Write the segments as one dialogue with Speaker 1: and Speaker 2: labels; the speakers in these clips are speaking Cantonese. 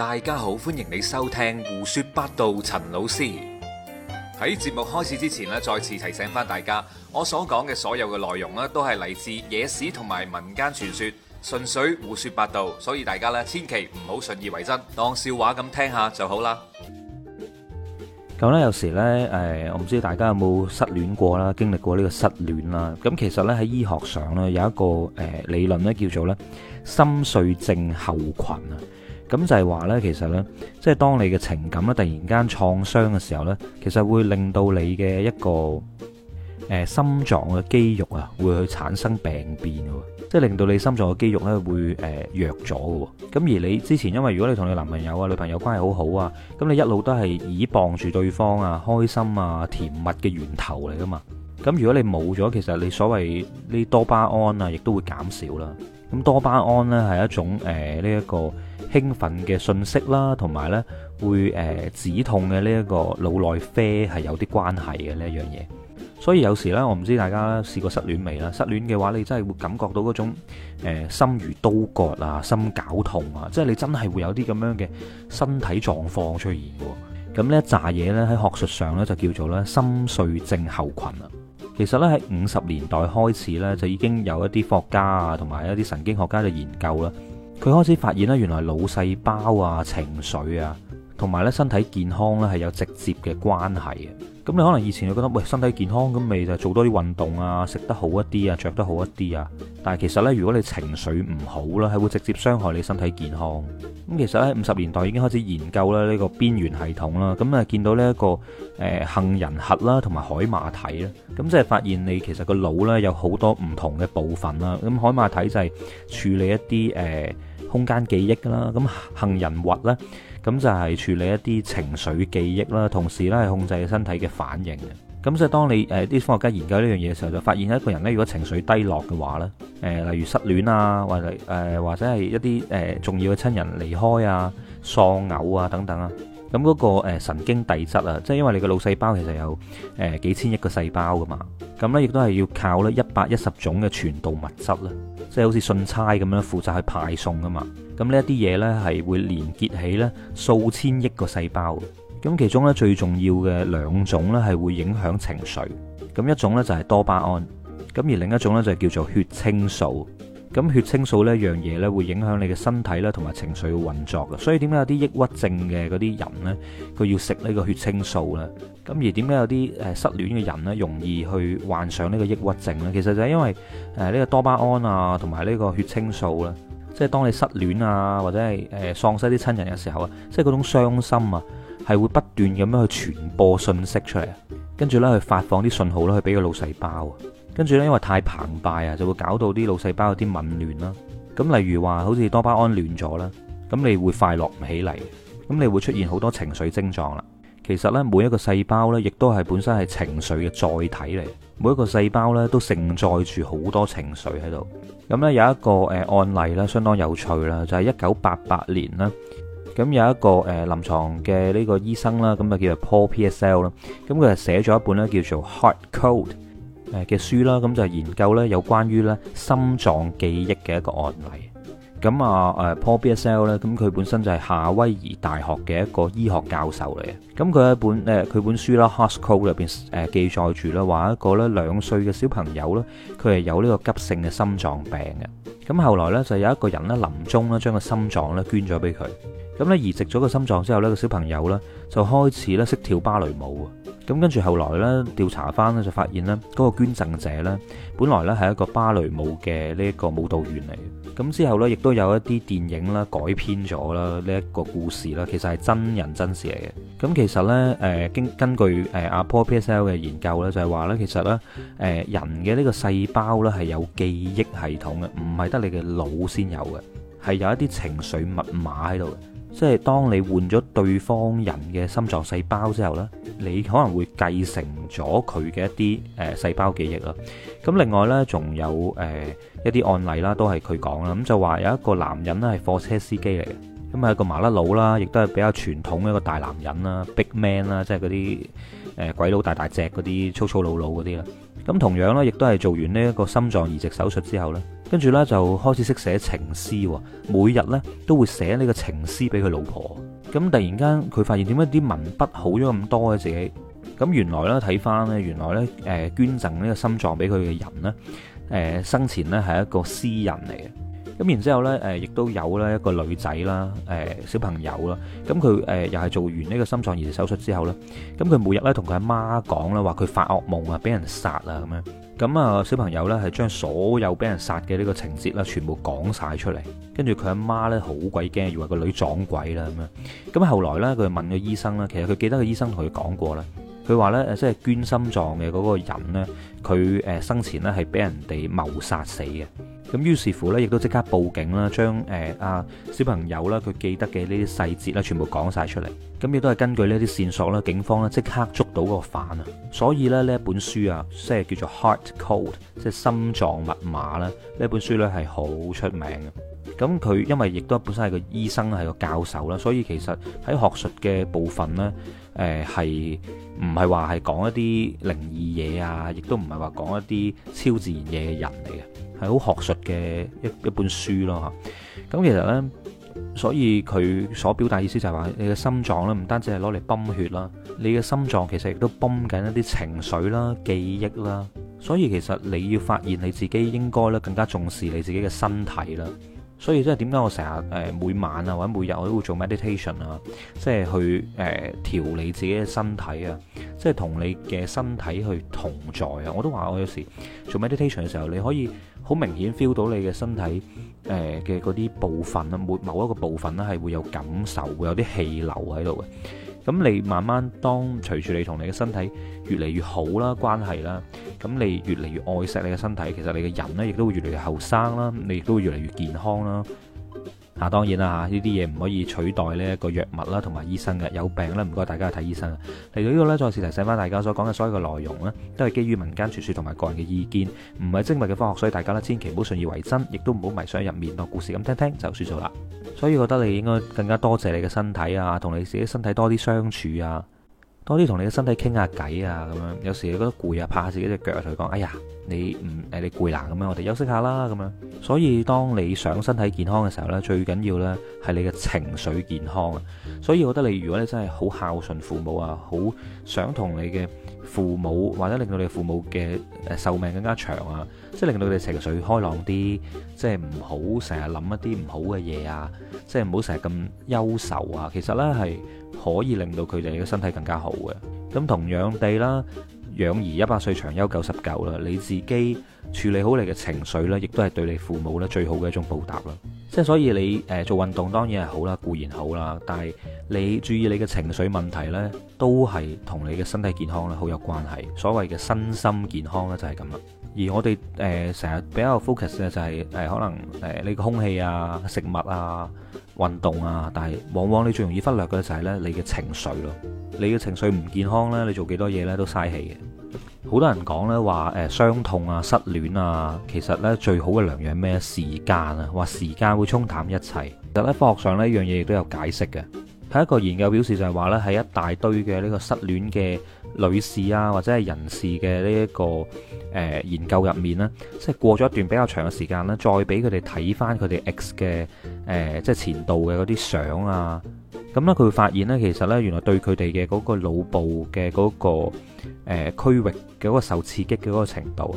Speaker 1: 大家好，歡迎你收聽胡說八道。陳老師，喺節目開始之前呢，再次提醒翻大家，我所講嘅所有嘅內容呢，都係嚟自野史同埋民間傳說，純粹胡說八道，所以大家呢千祈唔好信以為真，當笑話咁聽下就好啦。咁呢有時呢，誒，我唔知大家有冇失戀過啦，經歷過呢個失戀啦。咁其實呢喺醫學上呢，有一個誒理論呢叫做呢心碎症候群啊。咁就係話呢，其實呢，即係當你嘅情感咧突然間創傷嘅時候呢，其實會令到你嘅一個誒、呃、心臟嘅肌肉啊，會去產生病變，即係令到你心臟嘅肌肉呢會誒、呃、弱咗嘅。咁而你之前因為如果你同你男朋友啊、女朋友關係好好啊，咁你一路都係倚傍住對方啊、開心啊、甜蜜嘅源頭嚟㗎嘛。咁如果你冇咗，其實你所謂呢多巴胺啊，亦都會減少啦。咁多巴胺呢係一種誒呢一個。興奮嘅信息啦，同埋呢會誒、呃、止痛嘅呢一個腦內啡係有啲關係嘅呢一樣嘢，所以有時呢，我唔知大家試過失戀未啦？失戀嘅話，你真係會感覺到嗰種、呃、心如刀割啊，心絞痛啊，即係你真係會有啲咁樣嘅身體狀況出現嘅。咁呢一紮嘢呢，喺學術上呢，就叫做呢心碎症候群啊。其實呢，喺五十年代開始呢，就已經有一啲科學家啊，同埋一啲神經學家嘅研究啦。佢開始發現咧，原來腦細胞啊、情緒啊，同埋咧身體健康咧，係有直接嘅關係嘅。咁你可能以前就覺得喂，身體健康咁咪就做多啲運動啊，食得好一啲啊，着得好一啲啊。但係其實呢，如果你情緒唔好啦，係會直接傷害你身體健康。咁、嗯、其實咧，五十年代已經開始研究咧呢個邊緣系統啦。咁、嗯、啊見到呢、這、一個誒、呃、杏仁核啦，同埋海馬體啦。咁、嗯、即係發現你其實個腦呢，有好多唔同嘅部分啦。咁、嗯、海馬體就係處理一啲誒、呃、空間記憶啦。咁、嗯、杏仁核呢。咁就係處理一啲情緒記憶啦，同時咧係控制身體嘅反應嘅。咁所以當你誒啲、呃、科學家研究呢樣嘢嘅時候，就發現一個人呢，如果情緒低落嘅話呢，誒、呃、例如失戀啊，或者誒、呃、或者係一啲誒、呃、重要嘅親人離開啊、喪偶啊等等啊。咁嗰個神經遞質啊，即係因為你個腦細胞其實有誒幾千億個細胞噶嘛，咁咧亦都係要靠咧一百一十種嘅傳導物質咧，即係好似信差咁樣負責去派送噶嘛。咁呢一啲嘢呢係會連結起咧數千億個細胞。咁其中咧最重要嘅兩種咧係會影響情緒，咁一種咧就係多巴胺，咁而另一種咧就叫做血清素。咁血清素呢樣嘢呢，會影響你嘅身體咧，同埋情緒嘅運作嘅。所以點解有啲抑鬱症嘅嗰啲人呢，佢要食呢個血清素呢？咁而點解有啲誒失戀嘅人呢，容易去患上呢個抑鬱症呢？其實就係因為誒呢、呃這個多巴胺啊，同埋呢個血清素啦，即係當你失戀啊，或者係誒、呃、喪失啲親人嘅時候啊，即係嗰種傷心啊，係會不斷咁樣去傳播訊息出嚟，跟住呢去發放啲信號啦，去俾個腦細胞啊。跟住咧，因為太澎湃啊，就會搞到啲腦細胞有啲紊亂啦。咁例如話，好似多巴胺亂咗啦，咁你會快樂唔起嚟，咁你會出現好多情緒症狀啦。其實呢，每一個細胞呢，亦都係本身係情緒嘅載體嚟。每一個細胞呢，都盛載住好多情緒喺度。咁呢，有一個誒案例呢，相當有趣啦，就係一九八八年啦。咁有一個誒臨床嘅呢個醫生啦，咁就叫做 Paul PSL 啦。咁佢就寫咗一本咧，叫做《Heart Code》。誒嘅書啦，咁就係研究咧，有關於咧心臟記憶嘅一個案例。咁啊，誒 Paul B S L 咧，咁佢本身就係夏威夷大學嘅一個醫學教授嚟嘅。咁佢喺本誒佢本書啦 Heart Code 入邊誒記載住啦，話一個咧兩歲嘅小朋友咧，佢係有呢個急性嘅心臟病嘅。咁後來咧就有一個人咧臨終咧將個心臟咧捐咗俾佢。咁咧移植咗個心臟之後呢，呢個小朋友咧就開始咧識跳芭蕾舞。咁跟住，後來咧調查返咧，就發現呢嗰、嗰個捐贈者呢，本來咧係一個芭蕾舞嘅呢一個舞蹈員嚟嘅。咁之後呢，亦都有一啲電影啦改編咗啦呢一個故事啦，其實係真人真事嚟嘅。咁其實呢，誒經根據誒阿 Paul P S L 嘅研究咧，就係話呢，其實呢，誒人嘅呢個細胞呢，係有記憶系統嘅，唔係得你嘅腦先有嘅，係有一啲情緒密碼喺度嘅，即係當你換咗對方人嘅心臟細胞之後呢，你可能會繼承咗佢嘅一啲誒、呃、細胞記憶啦。咁另外呢，仲有誒、呃、一啲案例啦，都係佢講啦。咁就話、是、有一個男人呢，係貨車司機嚟嘅，咁係一個麻甩佬啦，亦都係比較傳統嘅一個大男人啦，big man 啦，即係嗰啲誒鬼佬大大隻嗰啲粗粗魯魯嗰啲啦。咁同樣呢，亦都係做完呢一個心臟移植手術之後呢，跟住呢，就開始識寫情詩喎，每日呢，都會寫呢個情詩俾佢老婆。咁突然間佢發現點解啲文筆好咗咁多嘅自己，咁原來咧睇返咧，原來咧誒捐贈呢個心臟俾佢嘅人咧，誒生前咧係一個詩人嚟嘅，咁然之後咧誒亦都有咧一個女仔啦，誒小朋友啦，咁佢誒又係做完呢個心臟移植手術之後咧，咁佢每日咧同佢阿媽講啦，話佢發惡夢啊，俾人殺啊咁樣。咁啊，小朋友呢係將所有俾人殺嘅呢個情節呢全部講晒出嚟。跟住佢阿媽呢，好鬼驚，以為個女撞鬼啦咁樣。咁後來呢，佢問個醫生呢，其實佢記得個醫生同佢講過啦，佢話呢，即係捐心臟嘅嗰個人呢，佢誒生前呢係俾人哋謀殺死嘅。咁於是乎咧，亦都即刻報警啦，將誒阿小朋友啦，佢記得嘅呢啲細節啦，全部講晒出嚟。咁亦都係根據呢啲線索啦，警方咧即刻捉到個犯啊。所以咧呢一本書啊，即係叫做《Heart Code》，即係心臟密碼啦。呢本書咧係好出名嘅。咁佢因為亦都本身係個醫生，係個教授啦，所以其實喺學術嘅部分呢，誒係唔係話係講一啲靈異嘢啊，亦都唔係話講一啲超自然嘢嘅人嚟嘅。係好學術嘅一一本書咯，咁其實呢，所以佢所表達意思就係話，你嘅心臟咧唔單止係攞嚟泵血啦，你嘅心臟其實亦都泵緊一啲情緒啦、記憶啦，所以其實你要發現你自己應該咧更加重視你自己嘅身體啦。所以即係點解我成日誒每晚啊或者每日我都會做 meditation 啊，即係去誒調理自己嘅身體啊，即係同你嘅身體去同在啊。我都話我有時做 meditation 嘅時候，你可以好明顯 feel 到你嘅身體誒嘅嗰啲部分啦，每某一個部分咧係會有感受，會有啲氣流喺度嘅。咁你慢慢當隨住你同你嘅身體越嚟越好啦，關係啦，咁你越嚟越愛惜你嘅身體，其實你嘅人呢亦都會越嚟越後生啦，你亦都會越嚟越健康啦。嗱、啊，當然啦嚇，呢啲嘢唔可以取代呢個藥物啦，同埋醫生嘅有病呢，唔該大家去睇醫生。嚟到呢度呢，再次提醒翻大家所講嘅所有嘅內容呢都係基於民間傳說同埋個人嘅意見，唔係精密嘅科學，所以大家呢千祈唔好信以為真，亦都唔好迷上入面個、啊、故事咁聽聽就算數啦。所以我覺得你應該更加多謝你嘅身體啊，同你自己身體多啲相處啊。多啲同你嘅身體傾下偈啊，咁樣有時你覺得攰啊，拍下自己隻腳啊，同佢講，哎呀，你唔誒你攰啦，咁樣我哋休息下啦，咁樣。所以當你想身體健康嘅時候呢，最緊要呢係你嘅情緒健康啊。所以我覺得你如果你真係好孝順父母啊，好想同你嘅父母或者令到你父母嘅誒壽命更加長啊。即係令到你情緒開朗啲，即係唔好成日諗一啲唔好嘅嘢啊，即係唔好成日咁憂愁啊。其實呢，係可以令到佢哋嘅身體更加好嘅。咁同樣地啦，養兒一百歲，長憂九十九啦。你自己處理好你嘅情緒呢，亦都係對你父母呢最好嘅一種報答啦。即係所以你誒、呃、做運動當然係好啦，固然好啦，但係你注意你嘅情緒問題呢，都係同你嘅身體健康咧好有關係。所謂嘅身心健康咧就係咁啦。而我哋誒成日比較 focus 嘅就係、是、誒、呃、可能誒、呃、你個空氣啊、食物啊、運動啊，但係往往你最容易忽略嘅就係咧你嘅情緒咯。你嘅情緒唔健康呢，你做幾多嘢呢都嘥氣嘅。好多人講呢話誒、呃、傷痛啊、失戀啊，其實呢最好嘅良藥咩？時間啊，話時間會沖淡一切。其實咧科學上呢樣嘢亦都有解釋嘅。喺一個研究表示就係話呢，喺一大堆嘅呢個失戀嘅女士啊，或者係人士嘅呢一個誒、呃、研究入面咧，即係過咗一段比較長嘅時間咧，再俾佢哋睇返佢哋 X 嘅誒、呃、即係前度嘅嗰啲相啊，咁、嗯、呢，佢會發現呢，其實呢，原來對佢哋嘅嗰個腦部嘅嗰、嗰個誒、呃、區域嘅嗰個受刺激嘅嗰個程度。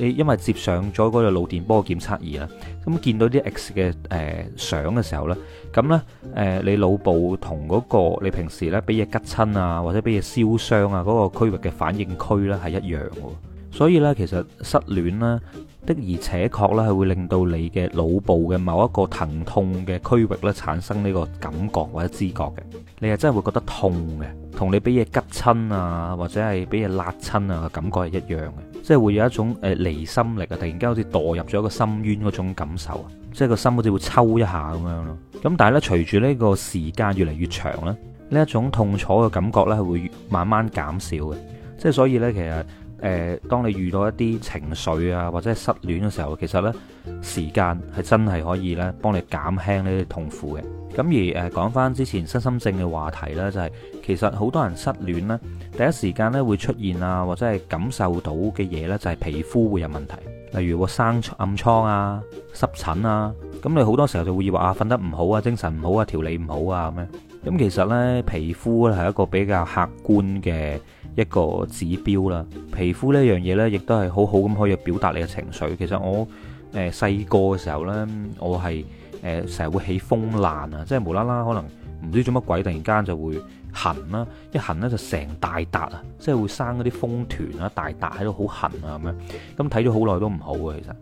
Speaker 1: 你因為接上咗嗰個腦電波檢測儀啦，咁見到啲 X 嘅誒、呃、相嘅時候呢咁呢，誒、呃、你腦部同嗰個你平時咧俾嘢拮親啊，或者俾嘢燒傷啊嗰、啊那個區域嘅反應區呢係一樣嘅，所以呢，其實失戀咧、啊、的而且確呢，係會令到你嘅腦部嘅某一個疼痛嘅區域呢產生呢個感覺或者知覺嘅，你係真係會覺得痛嘅，同你俾嘢拮親啊，或者係俾嘢辣親啊，啊、那個、感覺係一樣嘅。即係會有一種誒離心力啊，突然間好似墮入咗一個深淵嗰種感受啊，即係個心好似會抽一下咁樣咯。咁但係咧，隨住呢個時間越嚟越長咧，呢一種痛楚嘅感覺呢，係會慢慢減少嘅。即係所以呢，其實。誒，當你遇到一啲情緒啊，或者係失戀嘅時候，其實呢時間係真係可以咧幫你減輕呢啲痛苦嘅。咁而誒講翻之前身心症嘅話題呢、就是，就係其實好多人失戀咧，第一時間呢會出現啊，或者係感受到嘅嘢呢，就係皮膚會有問題，例如生暗瘡啊、濕疹啊。咁你好多時候就會以為啊，瞓得唔好啊，精神唔好啊，調理唔好啊咁樣。咁其實呢，皮膚係一個比較客觀嘅。一個指標啦，皮膚呢一樣嘢呢，亦都係好好咁可以表達你嘅情緒。其實我誒細個嘅時候呢，我係誒成日會起風爛啊，即係無啦啦可能唔知做乜鬼，突然間就會痕啦，一痕呢就成大笪啊，即係會生嗰啲風團啊，大笪喺度好痕啊咁樣。咁睇咗好耐都唔好嘅，其實。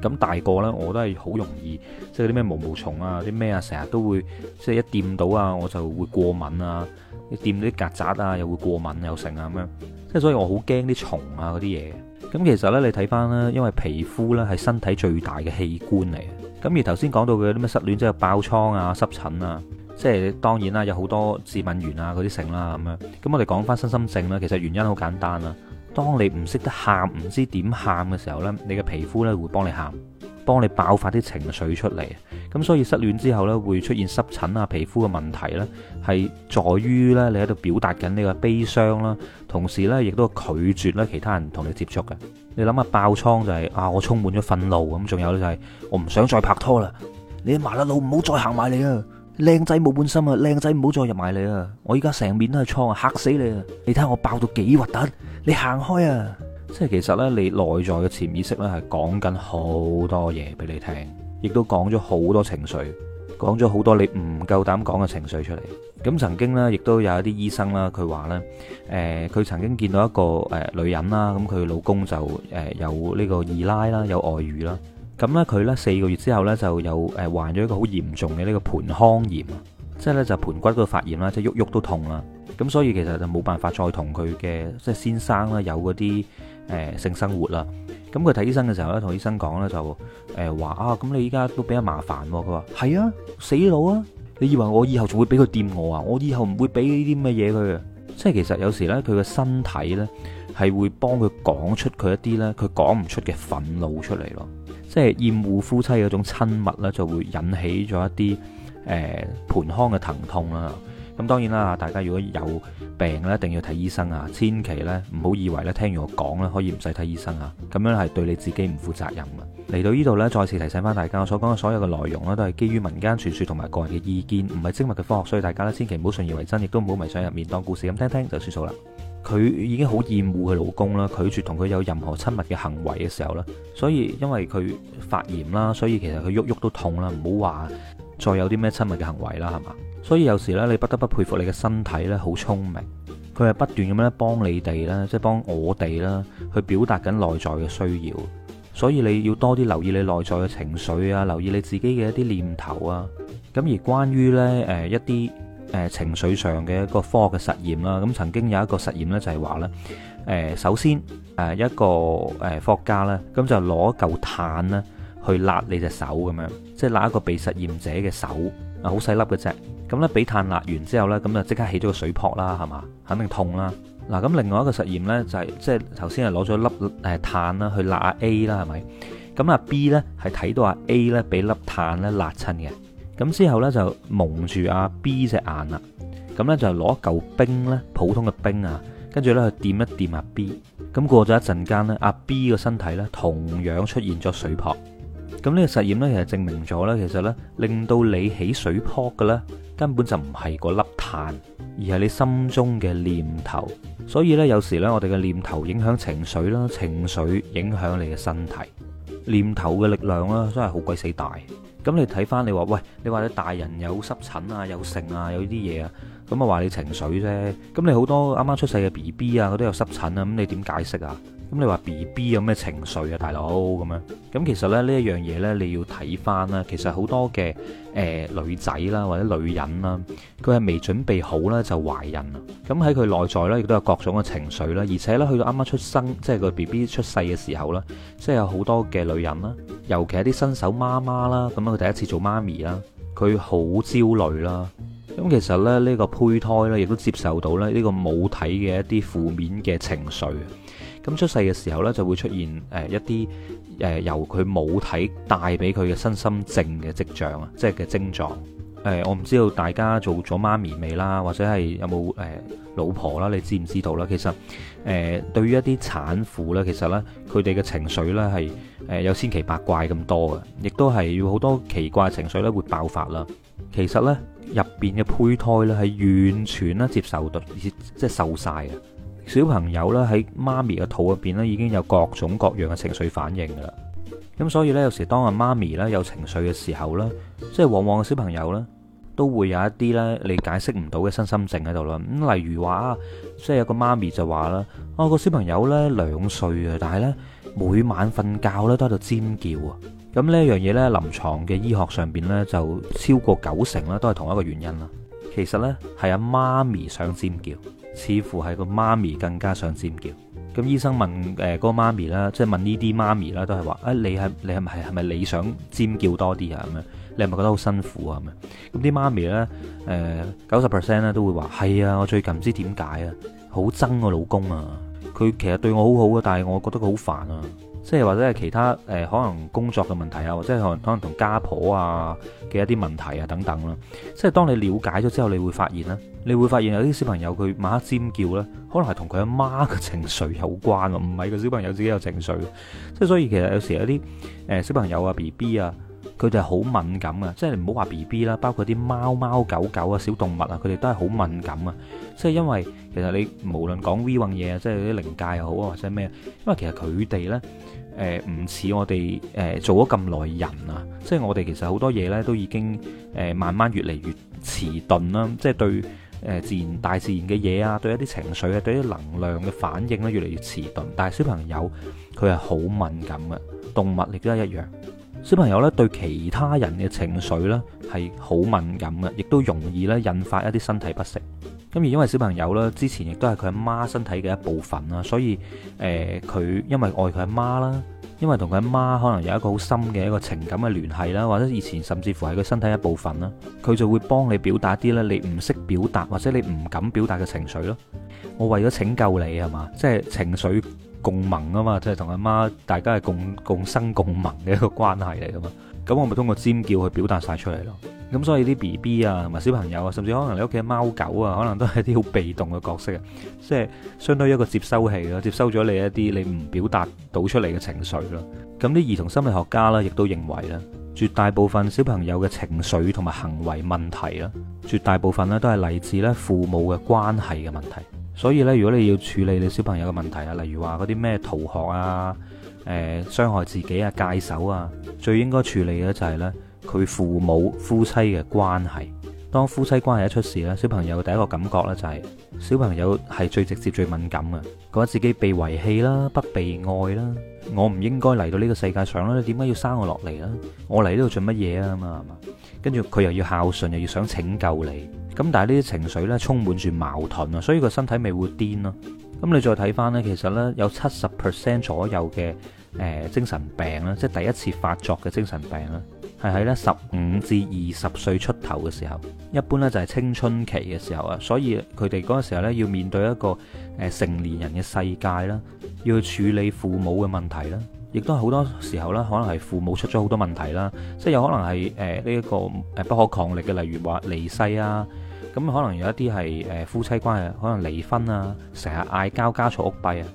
Speaker 1: 咁大個呢，我都係好容易，即係嗰啲咩毛毛蟲啊，啲咩啊，成日都會即係一掂到啊，我就會過敏啊。掂啲曱甴啊，又會過敏又成啊咁樣，即係所以我好驚啲蟲啊嗰啲嘢。咁其實呢，你睇翻咧，因為皮膚呢係身體最大嘅器官嚟。咁而頭先講到佢啲咩失戀之後爆瘡啊、濕疹啊，即係當然啦，有好多致敏源啊嗰啲成啦咁樣。咁我哋講翻身心症啦，其實原因好簡單啊。當你唔識得喊、唔知點喊嘅時候呢，你嘅皮膚呢會幫你喊，幫你爆發啲情緒出嚟。咁所以失戀之後呢，會出現濕疹啊、皮膚嘅問題呢，係在於呢，你喺度表達緊呢個悲傷啦，同時呢，亦都拒絕咧其他人同你接觸嘅。你諗下爆瘡就係、是、啊，我充滿咗憤怒咁，仲有呢就係我唔想再拍拖啦。你麻甩佬唔好再行埋嚟啊！靚仔冇半心啊！靚仔唔好再入埋嚟啊！我依家成面都係瘡啊，嚇死你啊！你睇下我爆到幾核突，你行開啊！即係其實呢，你內在嘅潛意識呢，係講緊好多嘢俾你聽。亦都講咗好多情緒，講咗好多你唔夠膽講嘅情緒出嚟。咁曾經呢，亦都有一啲醫生啦，佢話呢，誒佢曾經見到一個誒女人啦，咁佢老公就誒有呢個二奶啦，有外遇啦。咁呢，佢呢四個月之後呢，就有誒患咗一個好嚴重嘅呢個盆腔炎，即係呢，就盆骨嗰度發炎啦，即係喐喐都痛啦。咁所以其實就冇辦法再同佢嘅即係先生啦，有嗰啲誒性生活啦。咁佢睇醫生嘅時候咧，同醫生講咧就誒話啊，咁你依家都比較麻煩。啊，佢話係啊，死佬啊，你以為我以後仲會俾佢掂我啊？我以後唔會俾呢啲乜嘢佢啊，即係其實有時咧，佢嘅身體咧係會幫佢講出佢一啲咧，佢講唔出嘅憤怒出嚟咯，即係厭惡夫妻嗰種親密咧，就會引起咗一啲誒、呃、盆腔嘅疼痛啦。咁當然啦，大家如果有病咧，一定要睇醫生啊！千祈咧唔好以為咧聽完我講咧可以唔使睇醫生啊，咁樣係對你自己唔負責任啊！嚟到呢度呢，再次提醒翻大家，我所講嘅所有嘅內容咧，都係基於民間傳説同埋個人嘅意見，唔係精密嘅科學，所以大家咧千祈唔好信以為真，亦都唔好迷上入面當故事咁聽聽就算數啦。佢已經好厭惡佢老公啦，拒絕同佢有任何親密嘅行為嘅時候咧，所以因為佢發炎啦，所以其實佢喐喐都痛啦，唔好話，再有啲咩親密嘅行為啦，係嘛？所以有時呢，你不得不佩服你嘅身體呢，好聰明，佢係不斷咁樣幫你哋啦，即係幫我哋啦，去表達緊內在嘅需要。所以你要多啲留意你內在嘅情緒啊，留意你自己嘅一啲念頭啊。咁而關於呢，誒一啲誒情緒上嘅一個科學嘅實驗啦，咁曾經有一個實驗呢，就係話呢，誒首先誒一個誒科學家呢，咁就攞嚿炭呢，去焫你隻手咁樣。即係焫一個被實驗者嘅手，啊好細粒嘅隻，咁呢，俾碳辣完之後呢，咁就即刻起咗個水泡啦，係嘛，肯定痛啦。嗱，咁另外一個實驗呢、就係，就係即係頭先係攞咗粒誒碳啦，去焫 A 啦，係咪？咁阿 B 呢，係睇到阿 A 咧俾粒碳咧辣親嘅，咁之後呢，就蒙住阿 B 隻眼啦，咁呢，就攞嚿冰呢，普通嘅冰啊，跟住呢，去掂一掂阿 B，咁過咗一陣間呢，阿 B 個身體呢，同樣出現咗水泡。咁呢個實驗呢，其實證明咗呢，其實呢，令到你起水泡嘅呢，根本就唔係嗰粒碳，而係你心中嘅念頭。所以呢，有時呢，我哋嘅念頭影響情緒啦，情緒影響你嘅身體，念頭嘅力量咧，真係好鬼死大。咁你睇翻，你話喂，你話你大人有濕疹啊，有剩啊，有呢啲嘢啊，咁啊話你情緒啫。咁你好多啱啱出世嘅 BB 啊，佢都有濕疹啊，咁你點解釋啊？咁你話 B B 有咩情緒啊，大佬咁樣？咁其實咧呢一樣嘢，呢，你要睇翻啦。其實好多嘅，誒、呃、女仔啦，或者女人啦，佢係未準備好呢，就懷孕啦。咁喺佢內在呢，亦都有各種嘅情緒啦。而且呢，去到啱啱出生，即係個 B B 出世嘅時候啦，即係有好多嘅女人啦，尤其係啲新手媽媽啦，咁佢第一次做媽咪啦，佢好焦慮啦。咁其實咧呢、呢個胚胎呢，亦都接受到咧呢個母體嘅一啲負面嘅情緒。咁出世嘅時候呢，就會出現誒一啲誒由佢母體帶俾佢嘅身心症嘅跡象啊，即係嘅症狀。誒、呃，我唔知道大家做咗媽咪未啦，或者係有冇誒、呃、老婆啦，你知唔知道啦？其實誒、呃，對於一啲產婦呢，其實呢，佢哋嘅情緒呢係誒有千奇百怪咁多嘅，亦都係要好多奇怪情緒呢會爆發啦。其實呢，入邊嘅胚胎呢係完全呢接受到，即係受晒嘅。小朋友咧喺媽咪嘅肚入邊咧已經有各種各樣嘅情緒反應噶啦，咁所以呢，有時當阿媽咪呢有情緒嘅時候呢，即係往往嘅小朋友呢都會有一啲呢你解釋唔到嘅身心症喺度啦。咁例如話啊，即係有個媽咪就話啦，啊、哦那個小朋友呢兩歲啊，但係呢每晚瞓覺呢都喺度尖叫啊。咁呢一樣嘢呢，臨床嘅醫學上邊呢就超過九成呢都係同一個原因啦。其實呢，係阿媽咪想尖叫。似乎係個媽咪更加想尖叫。咁醫生問誒嗰個媽咪啦，即係問呢啲媽咪啦，都係話：啊，你係你係唔係係咪你想尖叫多啲啊？咁樣你係咪覺得好辛苦啊？咁樣咁啲媽咪咧誒，九十 percent 咧都會話係啊！我最近唔知點解啊，好憎我老公啊。佢其實對我好好啊，但係我覺得佢好煩啊。即係或者係其他誒、呃，可能工作嘅問題啊，或者可能可能同家婆啊嘅一啲問題啊等等咯。即係當你了解咗之後，你會發現咧，你會發現有啲小朋友佢猛一尖叫咧，可能係同佢阿媽嘅情緒有關喎，唔係個小朋友自己有情緒。即係所以其實有時有啲誒、呃、小朋友啊 B B 啊，佢哋係好敏感嘅，即係唔好話 B B 啦，包括啲貓貓狗狗啊、小動物啊，佢哋都係好敏感嘅。即係因為其實你無論講 V o n 嘢啊，即係啲靈界又好或者咩，因為其實佢哋咧。誒唔似我哋誒、呃、做咗咁耐人啊，即係我哋其實好多嘢呢都已經誒、呃、慢慢越嚟越遲鈍啦，即係對誒、呃、自然大自然嘅嘢啊，對一啲情緒啊，對一啲能量嘅反應咧、啊、越嚟越遲鈍。但係小朋友佢係好敏感嘅，動物亦都係一樣。小朋友呢，對其他人嘅情緒呢，係好敏感嘅，亦都容易呢，引發一啲身體不適。咁而因為小朋友啦，之前亦都係佢阿媽身體嘅一部分啦，所以誒佢、呃、因為愛佢阿媽啦，因為同佢阿媽可能有一個好深嘅一個情感嘅聯繫啦，或者以前甚至乎係佢身體一部分啦，佢就會幫你表達啲咧你唔識表達或者你唔敢表達嘅情緒咯。我為咗拯救你係嘛，即係情緒共鳴啊嘛，即係同阿媽大家係共共生共鳴嘅一個關係嚟噶嘛。咁我咪通過尖叫去表達晒出嚟咯，咁所以啲 BB 啊，同埋小朋友啊，甚至可能你屋企嘅貓狗啊，可能都係啲好被動嘅角色啊，即係相對於一個接收器咯，接收咗你一啲你唔表達到出嚟嘅情緒咯。咁啲兒童心理學家啦，亦都認為咧，絕大部分小朋友嘅情緒同埋行為問題啦，絕大部分咧都係嚟自咧父母嘅關係嘅問題。所以咧，如果你要處理你小朋友嘅問題啊，例如話嗰啲咩逃學啊。誒、傷、呃、害自己啊，戒手啊，最應該處理嘅就係呢，佢父母夫妻嘅關係。當夫妻關係一出事呢，小朋友第一個感覺呢，就係小朋友係最直接最敏感嘅，覺得自己被遺棄啦，不被愛啦，我唔應該嚟到呢個世界上啦，你點解要生我落嚟呢？我嚟呢度做乜嘢啊嘛，跟住佢又要孝順，又要想拯救你，咁但係呢啲情緒呢，充滿住矛盾啊，所以個身體咪會癲咯。咁你再睇翻呢，其實呢，有七十 percent 左右嘅誒、呃、精神病啦，即係第一次發作嘅精神病啦，係喺呢十五至二十歲出頭嘅時候，一般呢，就係、是、青春期嘅時候啊，所以佢哋嗰個時候呢，要面對一個誒、呃、成年人嘅世界啦，要去處理父母嘅問題啦，亦都好多時候呢，可能係父母出咗好多問題啦，即係有可能係誒呢一個誒不可抗力嘅，例如話離世啊。咁可能有一啲係誒夫妻關係，可能離婚啊，成日嗌交，家嘈屋閉啊。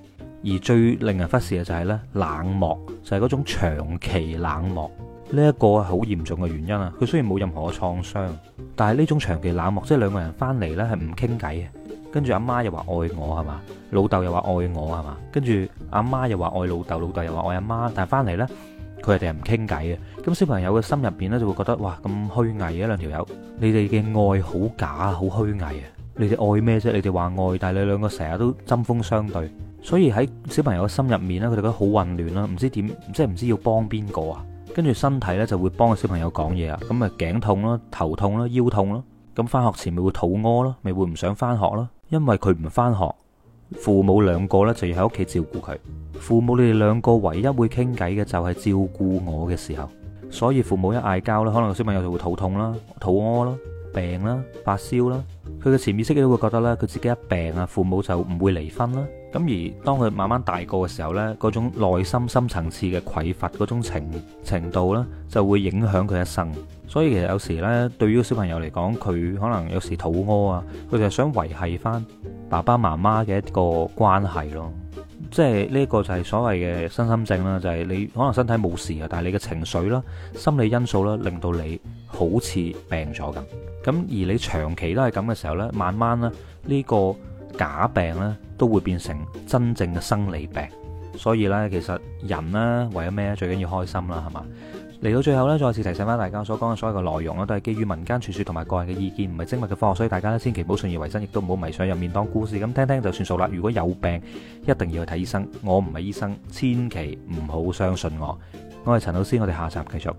Speaker 1: 而最令人忽視嘅就係呢冷漠，就係嗰種長期冷漠呢一個好嚴重嘅原因啊。佢雖然冇任何嘅創傷，但係呢種長期冷漠，即係兩個人翻嚟呢係唔傾偈嘅。跟住阿媽又話愛我係嘛，老豆又話愛我係嘛，跟住阿媽又話愛老豆，老豆又話愛阿媽，但係翻嚟呢。佢哋又唔傾偈啊，咁小朋友嘅心入邊呢就會覺得，哇，咁虛偽啊，兩條友，你哋嘅愛好假啊，好虛偽啊，你哋愛咩啫？你哋話愛，但係你兩個成日都針鋒相對，所以喺小朋友嘅心入面呢，佢哋覺得好混亂啦，唔知點即係唔知要幫邊個啊？跟住身體呢就會幫個小朋友講嘢啊，咁咪頸痛啦、頭痛啦、腰痛咯，咁翻學前咪會肚屙咯，咪會唔想翻學咯，因為佢唔翻學。父母兩個咧就要喺屋企照顧佢。父母你哋兩個唯一會傾偈嘅就係照顧我嘅時候。所以父母一嗌交咧，可能小朋友就會肚痛啦、肚屙啦、病啦、發燒啦。佢嘅潛意識都會覺得咧，佢自己一病啊，父母就唔會離婚啦。咁而當佢慢慢大個嘅時候，呢嗰種內心深層次嘅匱乏，嗰種情程度呢，就會影響佢一生。所以其實有時呢，對於小朋友嚟講，佢可能有時肚屙啊，佢就係想維繫翻爸爸媽媽嘅一個關係咯。即係呢個就係所謂嘅身心症啦，就係你可能身體冇事啊，但係你嘅情緒啦、心理因素啦，令到你好似病咗咁。咁而你長期都係咁嘅時候呢，慢慢呢，呢個假病呢都會變成真正嘅生理病。所以呢，其實人呢，為咗咩最緊要開心啦，係嘛？嚟到最後呢，再次提醒翻大家所講嘅所有嘅內容啦，都係基於民間傳説同埋個人嘅意見，唔係精密嘅科學，所以大家咧千祈唔好信以為真，亦都唔好迷上入面當故事咁聽聽就算數啦。如果有病，一定要去睇醫生。我唔係醫生，千祈唔好相信我。我係陳老師，我哋下集繼續。